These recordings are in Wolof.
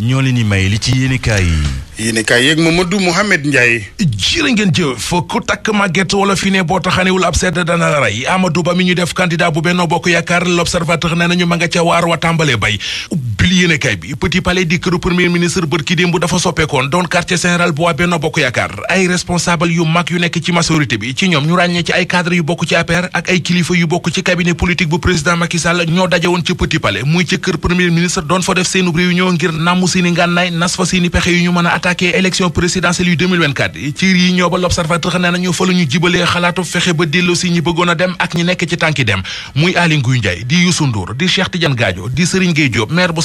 ñoo leen di may li ci yéenekaay yi. yéene kaay yeeg Mamadou Mouhamed Ndiaye jërë ngeen jëf ku takk màgget wala fi ne boo taxanewul ab sedd dana la rey Amadou Ba mi ñu def candidat bu benn Bokk Yaakaar l'Observateur nee nañu ma nga ca waar wa tàmbalee bay pli yéene kay bi petit palais di këru premier ministre bërki démb dafa soppeekoon doon quartier général bu waa Benno Bokk Yaakaar ay responsable yu mag yu nekk ci majorité bi ci ñoom ñu ràññee ci ay cadre yu bokk ci APR ak ay kilifa yu bokk ci cabinet politique bu président Macky Sall ñoo dajewoon ci petit palais muy ci kër premier ministre doon fa def seenu réunion ngir nàmmu seeni ngànnaay nas fa seeni pexe yu ñu mën a attaquer élection présidentielle di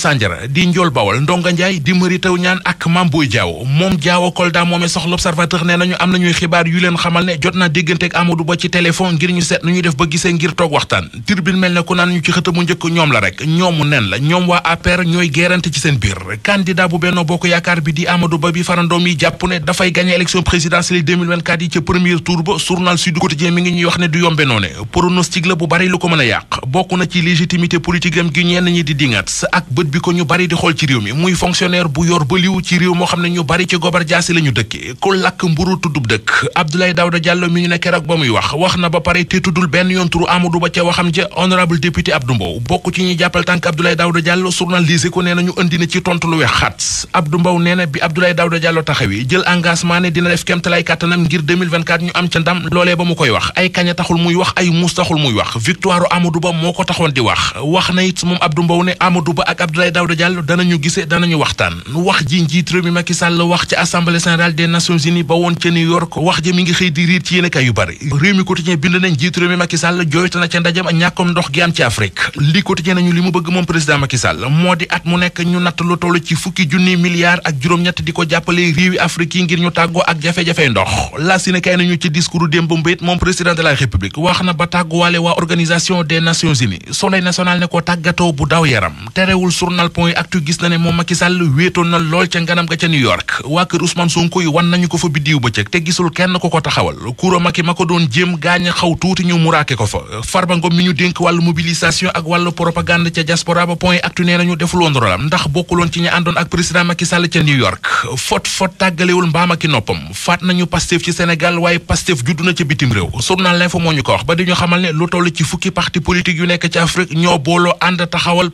Sandiara di Ndiol Bawal Ndonga Ndiaye di Mary ak Mame Boye Diao moom Diao Kolda moomee sox l'Observateur nee nañu am nañuy xibaar yu leen xamal ne jot naa déggante ak Amadou Ba ci téléphone ngir ñu seet nu ñuy def ba gisee ngir toog waxtaan Tribune mel ne ku naan ñu ci xëta mu njëkk ñoom la rek ñoomu nen la ñoom waa APR ñooy gérante ci seen biir candidat bu Benno Bokk Yaakaar bi di Amadou Ba bi farandoom yi jàpp ne dafay gagné élection a bi ko ñu bari di xool ci réew mi muy fonctionnaire bu yor ba ci réew moo xam ne ñu bari ci gobar jaasi la dëkke ku lakk mburu tuddub dëkk Abdoulaye Daouda Diallo mi ñu ne keroog ba muy wax wax na ba pare te tuddul benn yoon turu Ba ca waxam ja honorable député Abdou Mbow bokk ci ñuy jàppal tànk Abdoulaye Daouda Diallo journaliste ko nee na ñu indi na ci tontu lu wex xat Abdou Mbow nee na bi Abdoulaye Daouda Diallo taxawi jël engagement ne dina def di Abdoulaye Daouda Diallo danañu gisee danañu waxtaan wax ji njiit réew wax ci assemblée générale des nations unies ba woon ca New York wax ji mi ngi xëy di riir ci yéen kay yu bari réew mi quotidien bind nañ njiit réew mi na ca ndajam ñàkkom ndox gi am ci Afrique li quotidien nañu li mu bëgg moom président Macky moo di at mu nekk ñu natt lu toll ci fukki junni milliards ak juróom-ñett di ko jàppale réewi Afrique yi ngir ñu tàggoo ak jafe-jafe ndox la si ne kay nañu ci discours démb mbéyit moom président de la république wax na ba tàgguwaale waa organisation des nations unies soleil national ne ko tàggatoo bu daw yaram journal point actu gis na ne moom Macky Sall wéetoon na lool ca nganam ga ca New York waa kër Ousmane Sonko yi wan nañu ko fa biddiw bëccëg te gisul kenn ko ko taxawal kuro Macky ma ko doon jéem gaañ xaw tuuti ñu muraake ko fa Farba mi ñu dénk wàllu mobilisation ak wàllu propagande ca diaspora ba point actu nee nañu defuloon rolam ndax bokkuloon ci ñi àndoon ak président Macky Sall ca New York fot fot tàggalewul mbaam ak noppam faat nañu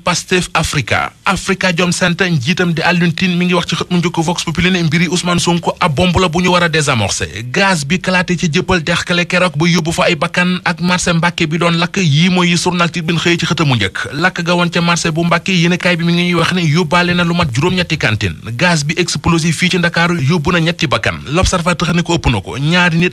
Pastef Africa Africa Jom Center njiitam di Alioune mi ngi wax ci xët mu njëkk Vox Populi ne mbiri Ousmane Sonko ab bomb la bu ñu war a désamorcer bi kalaate ci jëppal dexkale keroog ba yóbbu fa ay bakkan ak marché Mbàkke bi doon lakk yii mooy journal bi bin xëyee ci xëtamu njëkk lakk ga woon ca marché bu Mbàkke yéenekaay bi mi ngi ñuy wax ne yóbbaale na lu mat juróom-ñetti cantine gaz bi explosif fii ci Ndakaaru yóbbu na ñetti bakkan L'Observateur ne ko ëpp ko ñaari na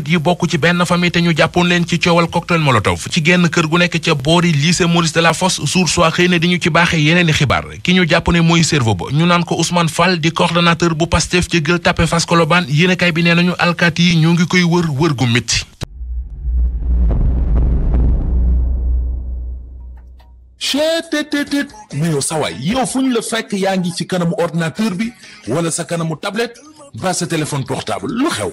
nit yi bokk ci benn famille te ñu jàppoon leen ci coowal cocktail molotov ci genn kër gu nekk ca boori lycée Maurice Delafosse Source xëy na di ñu ci baaxe yeneen i xibaar ki ñu jàpp ne mooy cerveau ba ñu naan ko Ousmane Fall di coordonnateur bu Pastef ci Gueule Tapée Fass Colobane yéenekaay bi nee nañu alkaati yi ñoo ngi koy wër wër gu métti chettt mais la fekk yaa ngi ci kanamu ordinateur bi wala sa kanamu tablette ba sa téléphone lu xew